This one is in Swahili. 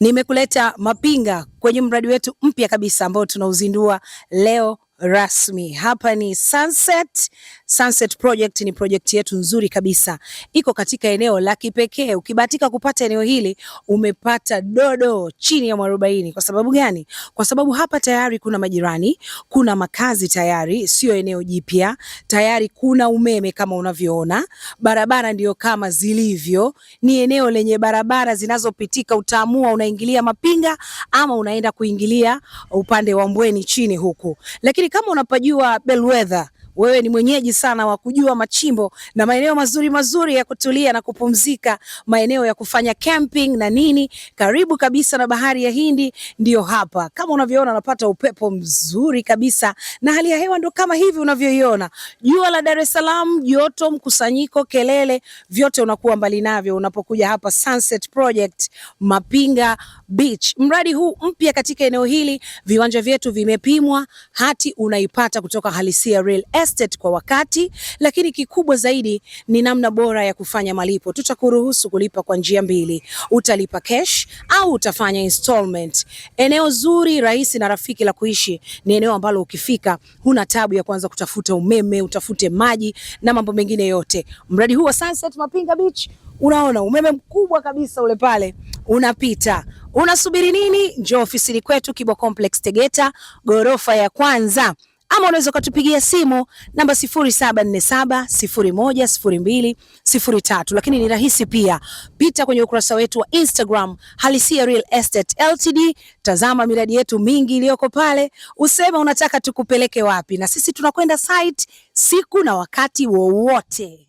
Nimekuleta Mapinga kwenye mradi wetu mpya kabisa ambao tunauzindua leo rasmi. Hapa ni Sunset Sunset Project ni project yetu nzuri kabisa, iko katika eneo la kipekee. Ukibahatika kupata eneo hili, umepata dodo chini ya mwarobaini. Kwa sababu gani? Kwa sababu hapa tayari kuna majirani, kuna makazi tayari, sio eneo jipya. Tayari kuna umeme kama unavyoona, barabara ndiyo kama zilivyo. Ni eneo lenye barabara zinazopitika, utaamua unaingilia Mapinga ama unaenda kuingilia upande wa Mbweni chini huku, lakini kama unapajua Bellwether wewe ni mwenyeji sana wa kujua machimbo na maeneo mazuri mazuri ya kutulia na kupumzika, maeneo ya kufanya camping na nini, karibu kabisa na bahari ya Hindi. Ndiyo hapa kama unavyoona, unapata upepo mzuri kabisa na hali ya hewa ndo kama hivi unavyoiona, jua la Dar es Salaam, joto, mkusanyiko, kelele, vyote unakuwa mbali navyo unapokuja hapa Sunset Project Mapinga Beach. Mradi huu mpya katika eneo hili, viwanja vyetu vimepimwa, hati unaipata kutoka Halisia Real tested kwa wakati, lakini kikubwa zaidi ni namna bora ya kufanya malipo. Tutakuruhusu kulipa kwa njia mbili, utalipa cash au utafanya installment. Eneo zuri, rahisi na rafiki la kuishi, ni eneo ambalo ukifika huna tabu ya kuanza kutafuta umeme, utafute maji na mambo mengine yote. Mradi huu wa Sunset Mapinga Beach Unaona umeme mkubwa kabisa ule pale unapita. Unasubiri nini? Njoo ofisini kwetu Kibo Complex Tegeta, ghorofa ya kwanza ama unaweza ukatupigia simu namba 0747010203, lakini ni rahisi pia. Pita kwenye ukurasa wetu wa Instagram Halisia Real Estate Ltd, tazama miradi yetu mingi iliyoko pale, useme unataka tukupeleke wapi, na sisi tunakwenda site siku na wakati wowote.